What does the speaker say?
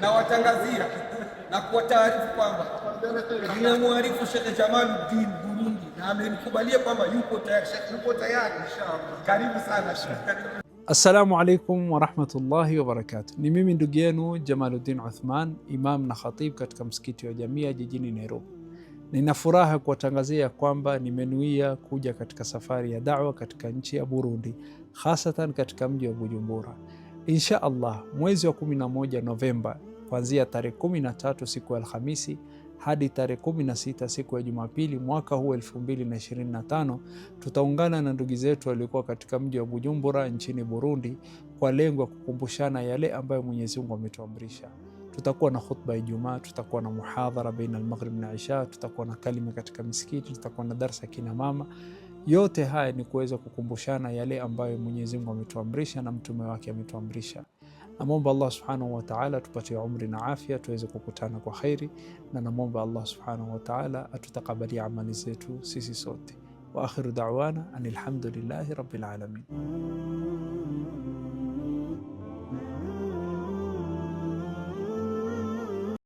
na watangazia na kuwataarifu kwamba ninamwarifu Sheikh Jamaluddin burundi na amenikubalia kwamba yupo tayari, yupo tayari inshallah. Karibu sana Sheikh. Assalamu alaikum warahmatullahi wabarakatuh. Ni mimi ndugu yenu Jamaluddin Uthman, imam na khatib katika msikiti wa Jamia jijini Nairobi. Nina furaha kuwatangazia kwamba nimenuia kuja katika safari ya dawa katika nchi ya Burundi, hasatan katika mji wa Bujumbura insha Allah mwezi wa 11 Novemba, kuanzia tarehe 13 siku ya Alhamisi hadi tarehe 16 siku ya Jumapili mwaka huu 2025, tutaungana na ndugu zetu waliokuwa katika mji wa Bujumbura nchini Burundi kwa lengo ya kukumbushana yale ambayo Mwenyezi Mungu ametuamrisha. Tutakuwa na khutba ya Ijumaa, tutakuwa na muhadhara baina al-maghrib na isha, tutakuwa na kalima katika misikiti, tutakuwa na darsa kina mama yote haya ni kuweza kukumbushana yale ambayo Mwenyezi Mungu ametuamrisha na mtume wake ametuamrisha. Namwomba Allah subhanahu wa taala umri na afya tuweze kukutana kwa khairi, na namwomba Allah subhanahu wa taala atutakabalia amali zetu sisi sote. Wa akhiru da'wana anilhamdulillahi rabbil alamin.